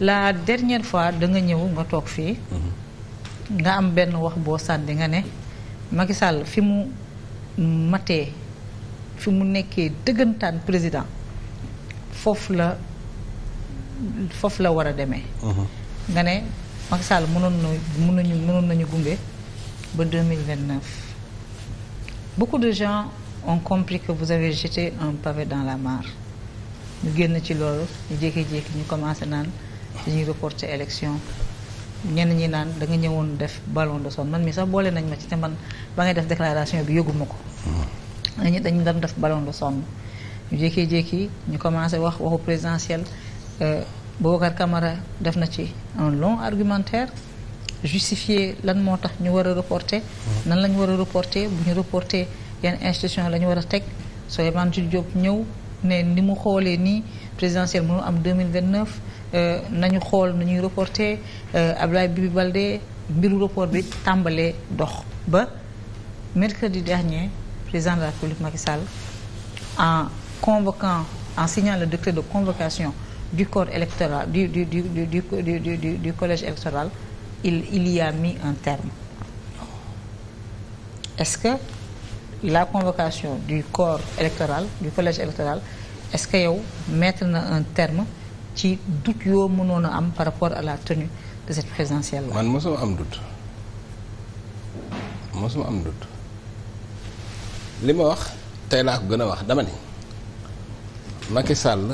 la dernière fois danga ñëw nga toog fii mm-hmm. nga am benn wax boo sànni nga ne Macky Sall fi mu matee fi mu nekkee dëggantaan président foofu la foofu la war a demee mm-hmm. nga ne Macky Sall mënoon na mën nañu mënoon nañu gunge ba bu beaucoup de gens ont compris que vous avez jeté un pavé dans la mare ñu génn ci loolu ñu jékki-jékki ñu commencé naan dañuy reporter élection ñenn ñi naan da nga ñëwoon def ballon de sonde man mi sax boole nañ ma ci te man ba ngay def déclaration bi yëguma ko hmm. dañu dañ doon def ballon de sonde ñu jékki-jékki ñu commencé wax waxu présidentielle euh, Boubacar Camara def na ci un lon argumentaire justifier lan moo tax ñu war a reporter hmm. nan lañu ñu war a reporter bu ñu reporter yan institution la ñu war a teg Souleymane Jules Diop ñëw ne ni mu xoolee nii présidentielle mënu am 2029 Euh, nañu xool nañuy reporté euh, Abdoulaye Bibi Baldé mbiru report bi tàmbalee dox ba mercredi dernier président de la République Macky Sall en convoquant en signant le décret de convocation du corps électoral du du du du du du, du, du il il mis un terme est-ce que la convocation du corps électoral du collège électoral est-ce que yow mettre na un terme ci doute yoo mënoon a am par rapport à la tenue de cette présidentielle là. man mosuma am doute mosuma am doute li ma wax tey laa ko gën a wax dama ni Macky Sall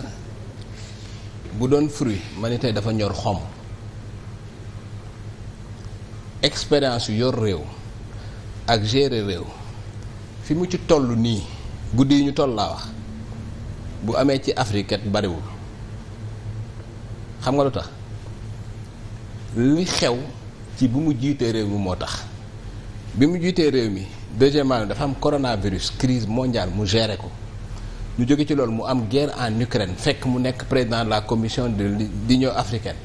bu doon fruit ma ni tey dafa ñor xom expérience yu yor réew ak gérer réew fi mu ci toll nii guddi yi ñu toll laa wax bu amee ci Afrique bariwul. xam nga lu tax li xew ci bu mu jiitee réew mi moo tax bi mu jiitee réew mi deuxièmement dafa am coronavirus crise mondiale mu géré ko ñu jóge ci loolu mu am guerre en Ukraine fekk mu nekk président la commission de l'Union africaine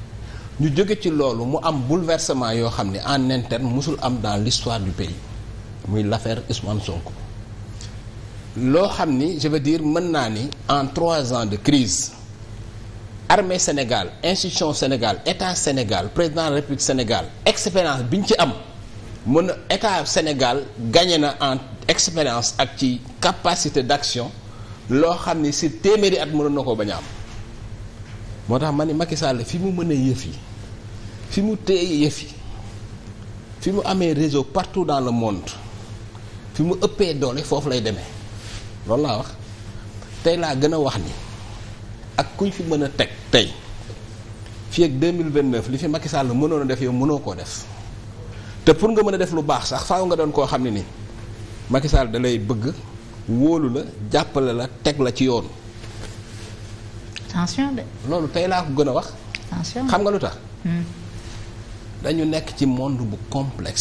ñu jóge ci loolu mu am bouleversement yoo xam ne en interne mosul am dans l'histoire du pays muy l'affaire Ousmane Sonko loo xam ni je dire mën naa ni en trois ans de crise armée Sénégal institution Sénégal état Sénégal président la République Sénégal expérience bi ñu ci am mën a état Sénégal gagné na en expérience ak ci capacité d'action loo xam ni si téeméeri at mënoon na ko bañ a am moo tax ma ni Macky Sall fi mu mën a yëf yi fi mu téye yëf yi fi mu amee réseau partout dans le monde fi mu ëppee doole foofu lay demee loolu laa wax tey laa gën a wax ni ak kuñ fi mën a teg tey fii ak 2029 li fi Macky Sall mënoon def yow mënoo koo def te pour nga mën a def lu baax sax faw nga doon koo xam ne ni Macky Sall bëgg wóolu la jàppale la teg la ci yoon. attention loolu tey laa ko gën a wax. attention xam nga lu tax. Hmm. dañu nekk ci monde bu complex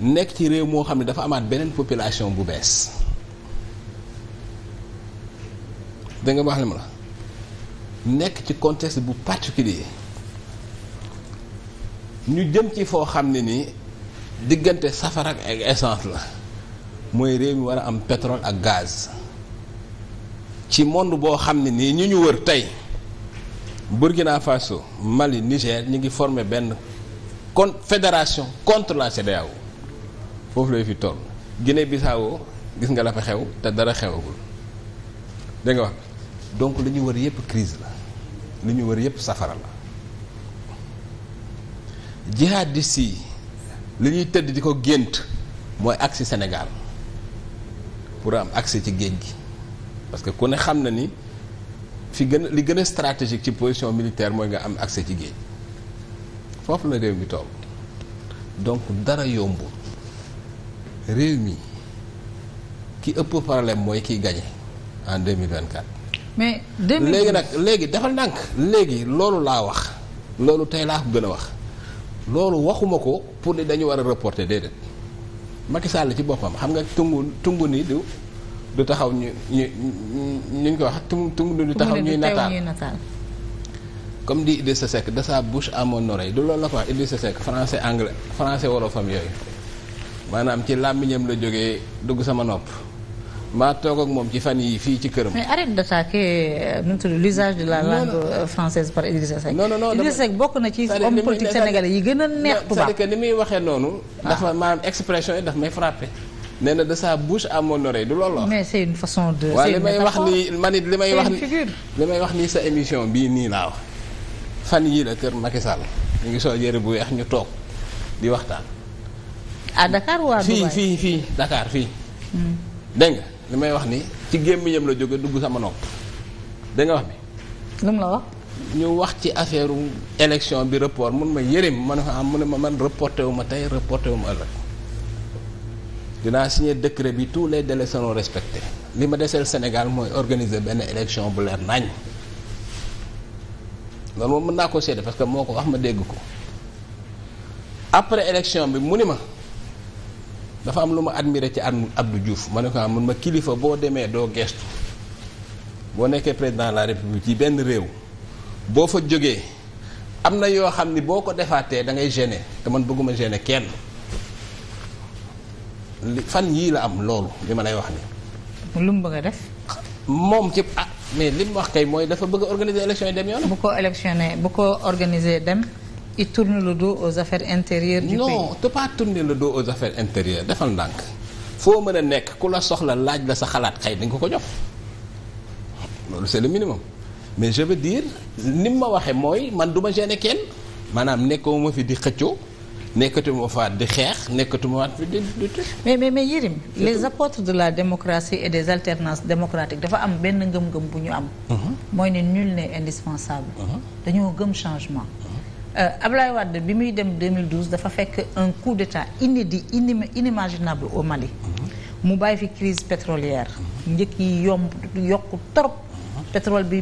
nekk ci réew moo xam ne dafa amaat beneen population bu bees. danga wax baax li ma nekk ci contexte bu particulier ñu jëm ci foo xam ne nii diggante safara ak essence la mooy réew mi war a am pétrole ak gaz ci monde boo xam ne nii ñu ñu wër tey Burkina Faso Mali Niger ñu ngi forme benn con fédération contre la CEDEAO foofu lay fi toll Guinée Bissau gis nga la fa xew te dara xewagul dégg wax donc li ñu wër yëpp crise la li ñu wër yëpp safara la jihadistes yi li ñuy tëdd di ko gént mooy agsi Sénégal pour am accès ci géej gi parce que ku ne xam na ni fi gën li gën a stratégique ci position militaire mooy nga am accès ci géej foofu la réew mi toll donc dara yombul réew mi ki ëpp problème mooy kiy gañe en 2024 mais léegi nag léegi defal ndànk léegi loolu laa wax loolu tey laa ko gën a wax loolu waxuma ko pour ni dañu war a reporter déedéet Macky Sall ci boppam xam nga tungu tungu ni du du taxaw ñu ñu ñu ko wax tungu tungu du taxaw ñuy nataal comme dit Idrissa Seck de sa bouche amoon mon oreille du lool la ko wax Idrissa Seck français anglais français wolofam yooyu maanaam ci làmmiñam la jógee dugg sama nopp maa toog ak moom ci fan yii fii ci këram. mais arrête d'attaquer euh, nu mu tudd l'usage de la langue euh, française par Idrissa Seck. non non non Idrissa bokk na ci homme politique sénégalais yi gën a neex. tubaab c'est-à-dire que ni muy waxee noonu. dafa ah. maanaam expression yi daf may frappé. nee na de sa bouche à mon oreille du loolu mais c'est une façon de. waaw li may wax nii man it li may wax ni li may wax nii sa émission bii nii laa wax fan yii la kër Macky Sall ñu ngi sol yëre bu weex ñu toog di waxtaan. à Dakar waa Dubaï fii fii fii fii. Hmm. li may wax ni ci gémmiñam la jóge dugg sama nopp da nga wax bi lu mu la wax ñu wax ci affaire élection bi report mun ma yërim ma ne fa am ah, mu ne ma man reporté wu ma tey reporté wu ëllëg dinaa signé décret bi tout les délais seront respectés li ma deseel Sénégal mooy organiser benn élection bu leer nañ loolu moom mën naa ko seede parce que moo ko wax ma dégg ko après élection bi mu ni ma dafa am lu ma admiré ci Abdou Diouf ma ne ko ah, mun ma kilifa boo demee doo geestu boo nekkee président la république ci benn réew boo fa jógee am na yoo xam ni boo ko defaatee da ngay gêner te man bëgguma gêner kenn li fan yii la am loolu li ma lay wax ni lu mu bëgg a def. moom ci ah mais li mu wax kay mooy dafa bëgg a organiser élection yi dem yoon. bu ko électionné bu ko organiser dem. il tourne le dos aux affaires intérieures du non, pays non te pas tourner le aux affaires intérieures defal ndànk foo mën a nekk ku la soxla laaj la sa xalaat xëy dañ ko ko jox loolu c'est le minimum mais je veux dire ni ma waxee mooy man duma ma kenn maanaam nekkoo ma fi di xëccoo nekkatuma faat di xeex nekkatuma faat mais mais mais Yérim les apôtres de la démocratie et des alternances démocratiques dafa am benn ngëm-ngëm bu ñu am. Mhm. mooy ne nul n'est indispensable. Mhm. gëm changement. Euh, Ablaye Wade bi muy dem 2012 dafa fekk un coup d'état inédit inimaginable au Mali mu bàyyi fi crise pétrolière njëkk yi yomb yokku trop pétrole bi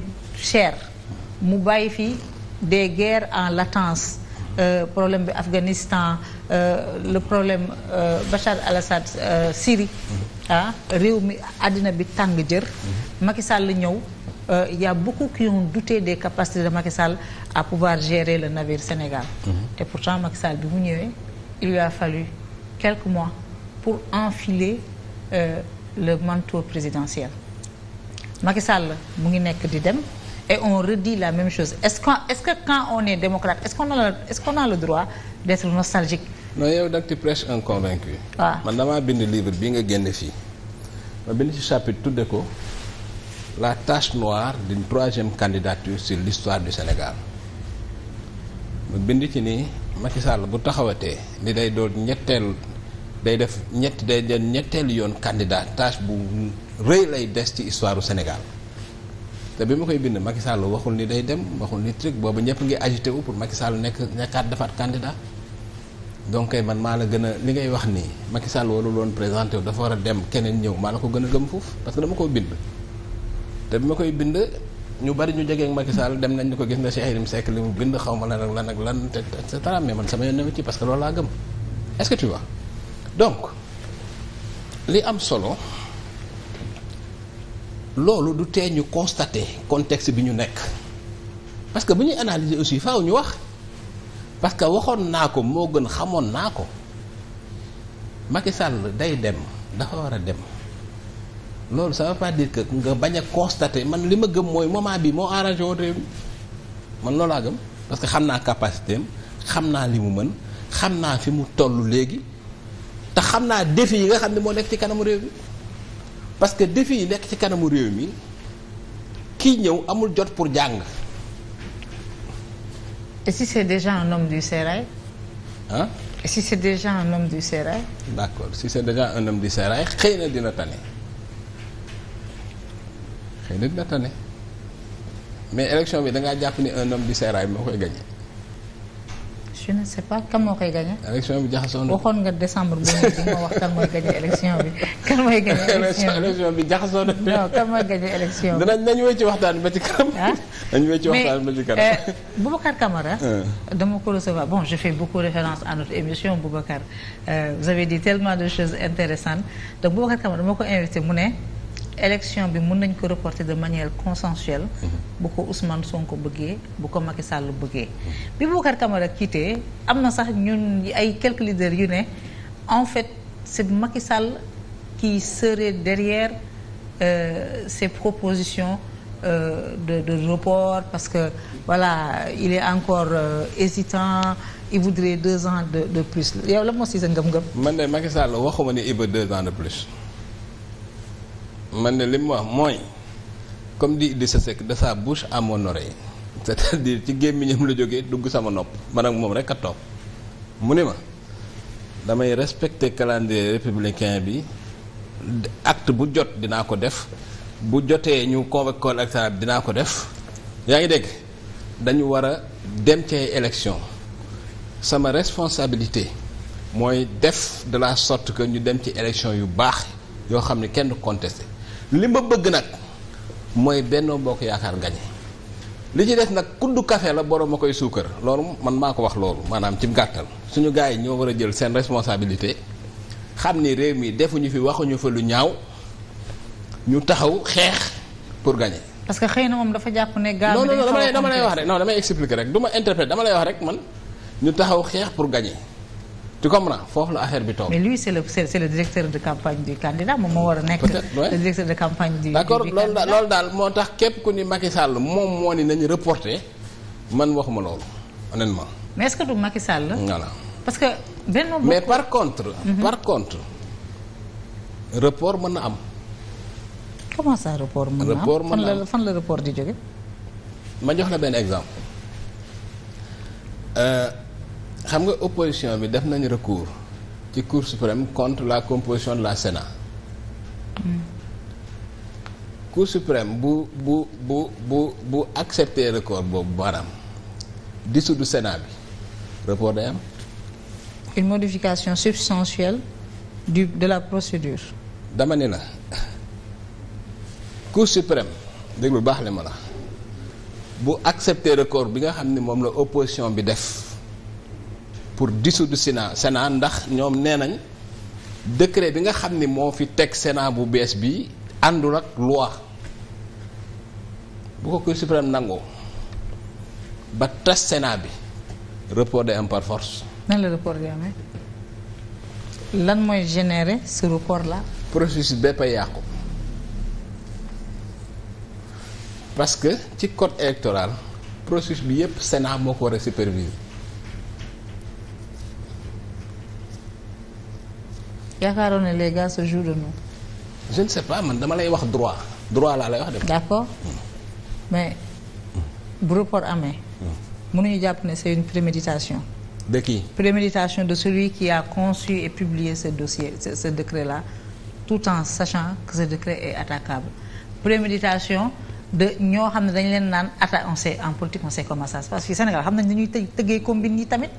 cher mu bàyyi fi des guerres en latence Euh, problème bi Afghanistan euh, le problème euh, Bachar al-Assad euh, Syrie ah réew mi àddina bi tàng jër Macky Sall ñëw euh, y a beaucoup qui ont douté des capacités de Macky Sall à pouvoir gérer le navire Sénégal. Mm -hmm. Et pourtant Macky bi mu ñëwee il lui a fallu quelques mois pour enfiler euh, le manteau présidentiel. Macky la mu ngi nekk di dem et on redit la même chose est-ce que est-ce que quand on est démocrate est-ce qu'on a est a le droit d'être nostalgique. non yow da nga ci prêche un convaincu. Ah. man damaa bind livre bi nga génne fii ma bind ci chapitre tudde ko. la tache noire d'une troisième candidature sur l'histoire du Sénégal mu bind ci ni Macky bu taxawatee ni day doon ñetteel day def ñett day doon ñetteelu yoon candidat tache bu rëy lay des ci histoire du Sénégal te bi ma koy bind Macky Sall waxul ni day dem waxul ni truc boobu ñëpp ngi agité wu pour Macky Sall nekk ñekkaat defaat candidat donc kay man maa la gën a li ngay wax nii Macky Sall warul woon présenté dafa war a dem keneen ñëw maa la ko gën a gëm foofu parce que dama koo bind. te bi ma koy bind ñu bari ñu jegee ak Macky dem nañ ni ko gis na Cheikh Yérim Seck li mu bind xaw ma lan ak lan ak lan te et cetera mais man sama yoon newu ci parce que loolu laa gëm est-ce donc li am solo loolu du tee ñu constater contexte bi ñu nekk parce que bu ñuy analyser aussi faw ñu wax parce que waxoon naa ko moo gën xamoon naa ko Macky Sall day dem dafa war a dem loolu ça veut pas dire que nga bañ a constater man li ma gëm mooy moment bi moo arrangé woon réew mi man loolaa gëm parce que xam naa capacité xam naa li mu mën xam naa fi mu toll léegi te xam naa défi yi nga xam ne moo nekk ci kanamu réew mi parce que défi yi nekk ci kanamu réew mi kii ñëw amul jot pour jàng. et si c'est déjà un homme du sérail. ah. et si c'est déjà un homme du sérail. d'accord si c'est déjà un homme xëy na dina tane. xëy na dina tane mais élection bi da ngaa jàpp ni un bi du sérail moo koy gagné. je ne sais pas kan moo koy gagné. élection bi jaxasoo na waxoon nga décembre bu ñu di ma wax kan mooy gagné élection bi. kan mooy gagné élection bi élection bi jaxasoo na. non kan mooy gagné élection bi. danañ nañu wéy ci waxtaan ba ci kanam. nañu wéy ci waxtaan ba ci eh, dama ko recevoir bon je fais beaucoup référence à notre émission Boubacar euh, vous avez dit tellement de choses intéressantes donc Boubacar Camara dama ko invité mu ne. élection bi mun nañ ko reporter de manière consensuelle. Mhm. bu ko Ousmane Sonko bëggee bu ko Macky Sall bëggee. Mhm. bi Boubacar Camara quitté am na sax ñun ay quelques leaders yu ne en fait c'est Macky Sall qui serait derrière euh, ces propositions euh, de de report parce que voilà il est encore euh, hésitant. il voudrait deux ans de de plus yow la moo si sa ngëm-ngëm. man de Macky Sall waxuma ni il veut deux ans de plus. man ne li mu wax mooy comme di Idrissa Seck de sa bouche à mon oreille c'est-à-dire ci gémmiñam la jóge dugg sama nopp man ak moom rek a toog mu ne ma damay respecter calendrier républicain bi acte bu jot dinaa ko def bu jotee ñu convoqué ko électoral dinaa ko def yaa ngi dégg dañu war a dem cee ay sama responsabilité mooy def de la sorte que ñu dem ci élection yu baax yoo xam ne kenn du contesté li ma bëgg nag mooy benn Bokk Yaakaar gañe li ci des nag kuddu kafe la borom ma koy suukar loolu man maa ko wax loolu maanaam ci gàttal suñu gars yi ñoo war a jël seen responsabilité xam ni réew mi defuñu fi waxuñu fa lu ñaaw ñu taxaw xeex pour gañe parce que xëy na moom dafa jàpp ne. gaa non non dama lay dama lay wax rek non damay expliquer rek du ma interpréter dama lay wax rek man ñu taxaw xeex pour gañe tu comprends foofu la affaire bi toog. mais lui c'est le c'est le directeur de campagne du candidat moom moo war a nekk. le directeur de campagne du. d'accord loolu daal loolu daal moo tax képp ku ni Macky Sall moom moo ni nañu reporter man waxuma loolu honnêtement. mais ce que du Macky Sall. voilà parce que. benn mais par contre. Mhm. par mën na am. comment ça report mën na am fan la fan la report di jóge. ma jox la benn exemple. Euh, xam nga opposition bi def nañu recours ci cour suprême contre la composition de la Sénat hmm. cour suprême bu bu bu bu bu accepter recours boobu maanaam dissoudre Sénat bi report day am une modification substantielle du de la procédure dama ni la cour suprême déglu baax le ma la bu accepter recours bi nga xam ne moom la opposition bi def pour dissoudre Sénat sena ndax ñoom nee nañ décret bi nga xam ni moo fi teg Sénat bu bees bi àndul ak loi bu ko Cour suprême nangoo ba tas Sénat bi report de am par force. nan la report di amee lan mooy générer ce report là. processus bépp a yàqu parce que ci code électoral processus bi yépp Sénat moo ko war a superviser. yaakaaroon ne les gars se jouent de nous. je ne sais pas man dama lay wax droit droit laa lay wax de. d' accord mais bu report amee. mënuñu jàpp ne c' est une préméditation. de qui préméditation de celui qui a conçu et publié ce dossier ce, ce décret là tout en sachant que ce décret est attaquable préméditation de ñoo xam ne dañ leen naan atta on sait en politique on sait comment ça se passe fii Sénégal xam nañ dañuy tëj tëggee combine yi tamit.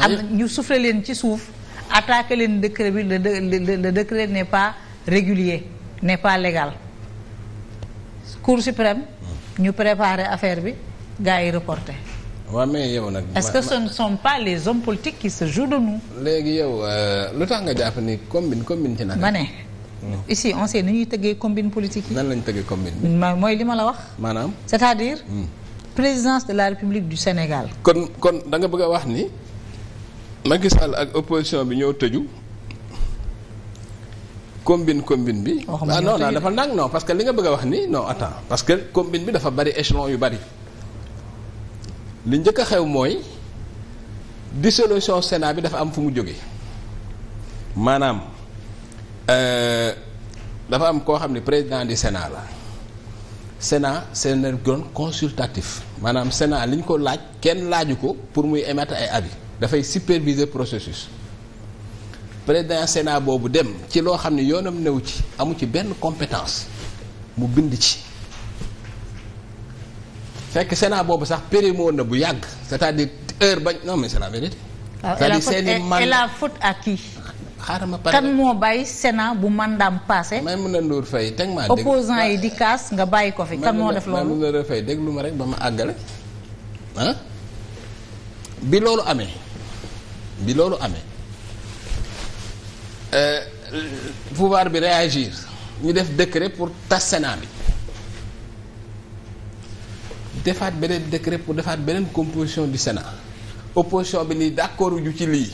Ah am na ñu soufflé leen ci suuf. attaquer leen décret bi le le décret n'est pas régulier n'est pas légal cour suprême ñu préparer affaire bi gars yi reporté. waaw mais yow nag. est-ce que ce ne sont pas les hommes politiques qui se jouent de nous. léegi yow euh, lu tax nga jàpp ni combine combine ci naka. ma ne. Hmm. ici on sait ni ñuy tëggee combine politique yi. nan lañ tëggee combine. mooy li ma la wax. maanaam c'est-à-dire. Hmm. présidence de la République du Sénégal. kon kon da nga bëgg a wax ni. Macky Sall ak opposition bi ñoo tëju combine combine bi. ah non non dafa nang non parce que li nga bëgg a wax ni non attends parce que combine bi dafa bari échelon yu bari lu njëkk a xew mooy dissolution Sénat bi dafa am fu mu jóge maanaam euh, dafa am koo xam ne président du Sénat la Sénat c'est un organe consultatif maanaam Sénat li ko laaj kenn laaju ko pour muy émettre ay abi dafay superviser processus président Sénat boobu dem ci loo xam ne yoonam new ci amu ci benn compétence mu bind ci fekk Sénat boobu sax périmé woon na bu yàgg c'est-à-dire heure bañ non mais c'est la vérité. Ah, cest ma pare moo bàyyi Sénat bu mandaam passé. may mun a Ndour Faye teg maa dégg opposant yi di kaas nga bàyyi ko fi. kan moo def loolu may mun a Ndour Faye déglu ma rek ba ma àggale ah? bi loolu amee. bi loolu amee euh, pouvoir bi réagir ñu def décret pour tas Sénat bi defaat beneen décret pour defaat beneen composition du Sénat opposition bi ni d'accord ju ci lii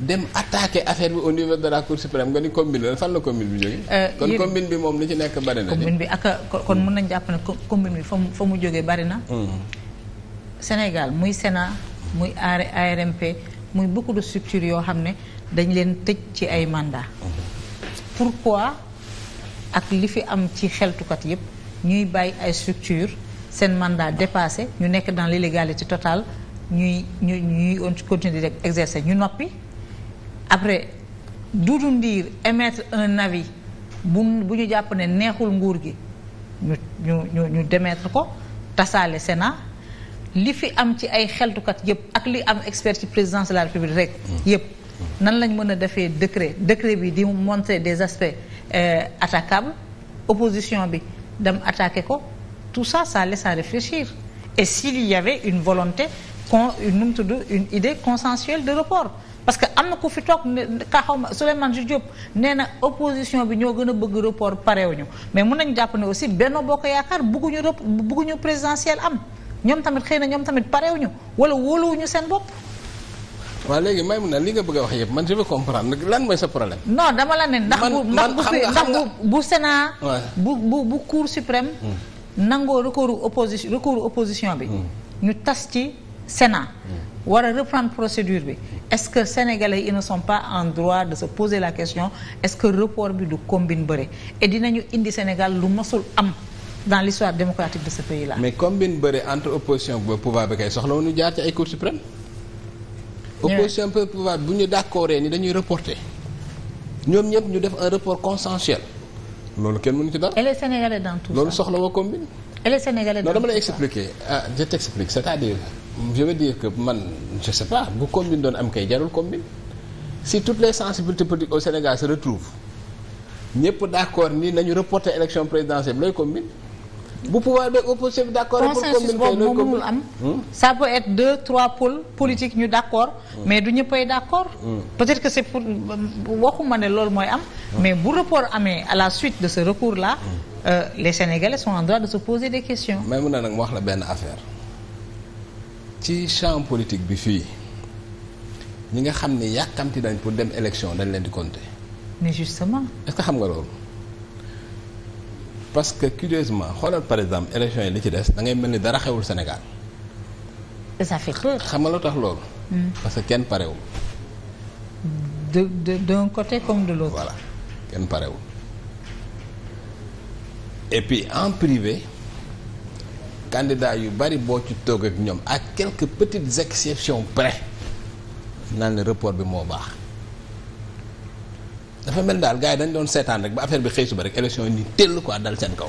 dem attaqué affaire bi au niveau de la cour suprême nga ni combine la fan la combine bi jógee. Euh, kon combine bi moom li ci nekk bari na. combine bi ak kon mën nañ jàpp ne combine bi fa mu fa mu jógee bari na. Hmm. Sénégal muy Sénat muy ARMP muy beaucoup de yoo xam ne dañ leen tëj ci ay mandat pourquoi ak li fi am ci xeltukat yépp ñuy bàyyi ay structures seen mandat dépassé ñu nekk dans l'illégalité totale ñuy ñu ñuy continuer di exercer ñu noppi après Doudou Ndir émettre un avis bu ñu jàpp ne neexul nguur gi ñu ñu ñu démettre ko tasaale Sénat li fi am ci ay xeltukat yëpp ak li am expert ci présidence de la république rek yëpp nan lañ mën a defee décret décret bi di montrer des aspects euh, attaquables opposition bi dem attaqué ko tout ça ça laisse réfléchir et s'il y avait une volonté con nu mu tudd une idée consensuelle de report parce que am na ku fi toog ka xaw ma Souleymane Diop nee na opposition bi ñoo gën a bëgg report parewuñu mais mun nañ jàpp ne aussi Benno Bokk Yaakaar bëgguñu bëgguñu présidentiel am ñoom tamit xëy na ñoom tamit parewuñu wala wóoluwuñu seen bopp. waaw léegi may mu na li nga bëgg a wax yëpp man je veux lan mooy sa problème. non dama la ne ndax bu ndax bu bu Sénat. bu bu bu Cour suprême. Hmm. nangoo recours opposition recours opposition bi. Hmm. ñu tas ci Sénat. Hmm. war a procédure bi est-ce que sénégalais ils ne sont pas en droit de se poser la question est-ce que report bi du combine bëre et dinañu indi Sénégal lu masul am. dans l'histoire démocratique de ce pays là. mais comme bi ñu bëri entre opposition ba pouvoir kay soxla wu ñu jaar ci ay cour suprême. opposition ba pouvoir bu ñu d'accordee ni dañuy reporter ñoom ñëpp ñu def un report consensuel loolu kenn mënu ci dara. et soxla woo combine. et les sénégalais dans non dama lay expliquer ah je t'explique cest doon am kay jarul combine si toutes les sensibilités politiques au Sénégal se retrouvent ñëpp d'accord ni nañu reporter élection présidentielle looy combine. bu pouvoir beeg opposition consensus boobu moom mënul am. ça peut être deux trois pôles politiques ñu d' hmm. mais du ñëppay d' accord. Hmm. peut être que c' est pour waxuma ne loolu mooy am. Hmm. mais bu report amee à la suite de ce recours là. Euh, les Sénégalais sont en droit de se poser des question mais mun na nag wax la benn affaire ci champ politique bi fii ñi nga xam ni yàkkamti dañ pour dem élection dañ leen di compter. mais justement. est ce xam nga loolu. parce que curieusement xoolal par exemple élection yi li ci des da ngay mel ni dara xewul Sénégal. ça fait xam nga lu tax loolu. Hmm. parce que kenn parewul. de de d'un côté comme de l'autre. voilà kenn parewul. et puis en privé. candidat yu bari boo ci toog ak ñoom ak quelques petites exceptions près naan ne report bi moo baax. dafa mel daal gars yi dañ doon seetaan rek ba affaire bi xëy suba rek élection yi ni tell quoi dal seen kaw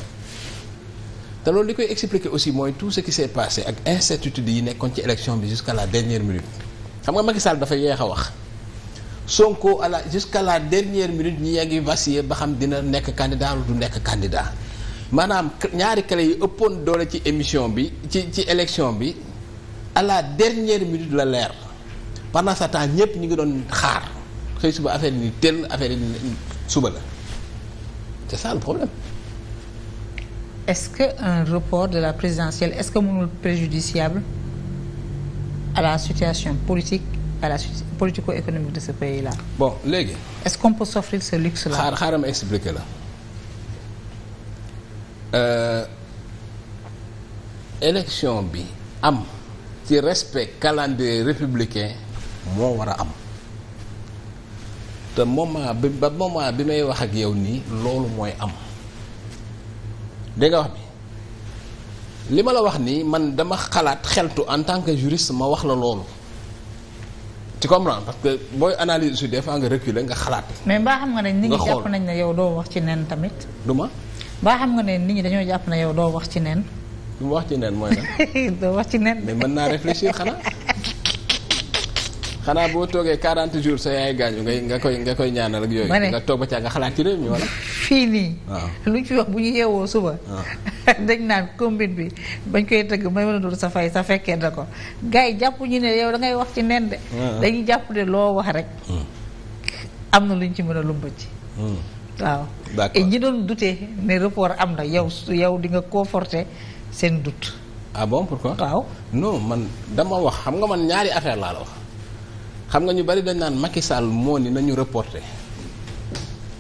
te loolu li koy expliquer aussi mooy tout ce qui s'est passé ak incertitude yi nekkoon ci élection bi jusqu'à la dernière minute xam nga Macky Sall dafa yeex a wax Sonko à la jusqu'à la dernière minute ñi ngi vaciller ba xam dina nekk candidat lu du nekk candidat maanaam ñaari clé yi ëppoon doole ci émission bi ci ci élection bi à la dernière la leer pendant ñëpp ñu ngi doon xaar xëy suba affaire yi ni tel affaire yi ni suba la c'est ça le problème est-ce que un report de la présidentielle est-ce que mënul préjudiciable à la situation politique à la politico-économique de ce pays-là. bon léegi. est-ce qu'on peut s'offrir ce luxe-là. xaar xaaral ma expliquer la euh, élection bi am ci respect calendrier républicain moo war a am. te moom moment bi ba moment bi may wax ak yow nii loolu mooy am dégg nga wax bi li ma la wax nii man dama xalaat xeltu en tant que juriste ma wax la loolu tu comprends parce que booy analyse su des fois nga reculer nga xalaat. mais mbaa xam nga ne nit ñi jàpp nañ ne yow doo wax ci nen tamit. du ma. mbaa xam nga ne nit ñi dañoo jàpp na yow doo wax ci nen. du wax ci nen mooy lan. doo wax ci nen. mais mën naa réfléchir xanaa. xanaa boo toogee 40 jours sa yaay gaañu ngay nga koy nga koy ñaanal ak yooyu. nga toog ba caa nga xalaat ci réew mi wala. fii nii. Ah. lu ñu ci wax bu ñu yeewoo suba. Ah. dañ naan combine bi bañ koy tëgg may mën sa fay sa fekkee da ko gars jàpp ñu ne yow da ngay wax ci nen de. Ah. dañuy jàpp ne loo wax rek. Hmm. am na lu ñu ci mën a lumba ci. Hmm. waaw et ñi doon dute ne report am na yow su yow di nga conforter seen doute. ah bon pourquoi waaw non man dama wax xam nga man ñaari affaire laa la wax. xam nga ñu bari dañ naan Macky Sall moo ni nañu reporté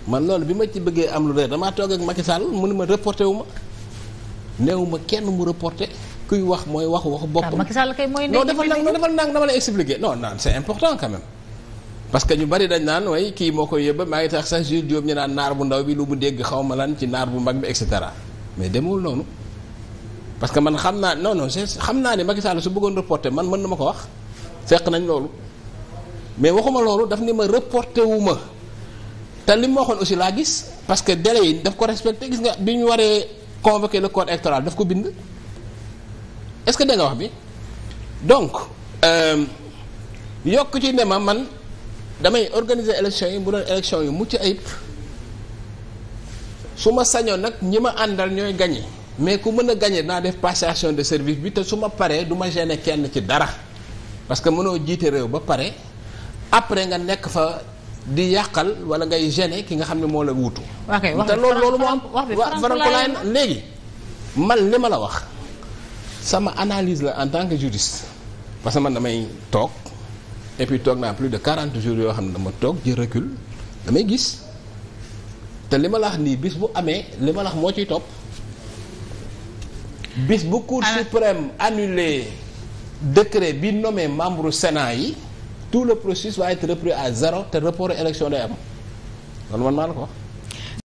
man loolu bi ma ci bëggee am lu reer damaa toog ak Macky Sall mënu ma reporté wu ma néew ma kenn mu reporté kuy wax mooy wax waxu boppam. Ah, Macky Sall kay mooy non defal nang non defal nang dama lay expliquer non non c'est important quand même. parce que ñu bari dañ naan way kii moo koy yëbba maa ngi tax sax jur Diop ñu naan naar bu ndaw bi lu mu dégg xaw ma lan ci naar bu mag bi et cetera mais demul noonu parce que man xam naa non non xam naa ne Macky Sall su bëggoon reporté man mën na ko wax seq nañ loolu. mais waxuma loolu daf ni ma reporté wu ma te li mu waxoon aussi laa gis parce que délai yi daf ko respecté gis nga bi ñu waree convoquer le corps électoral daf ko bind est-ce que da nga wax bi donc euh, yokk ci ne ma man damay organiser élection yi mu doon élection yu mucc ayib su ma sañoo nag ñi ma àndal ñooy gagné mais ku mën a gagné naa def passation de service bi te su ma paree du ma gêner kenn ci dara parce que mënoo jiite réew ba pare après nga nekk fa di yàqal wala ngay gêner ki nga xam ne moo la wutu te loolu loolu moo am farankulaayan léegi man li ma la wax sama analyse la en tant que juriste parce que man damay toog et puis toog naa plus de quarante jours yoo xam ne dama toog jël recul damay gis te li ma la wax nii bis bu amee li ma la wax moo ciy topp bis bu cour suprême annulé décret bi nommé membre Sénat yi tout le process va être repris à zéro te report élection day am loolu man maa la ko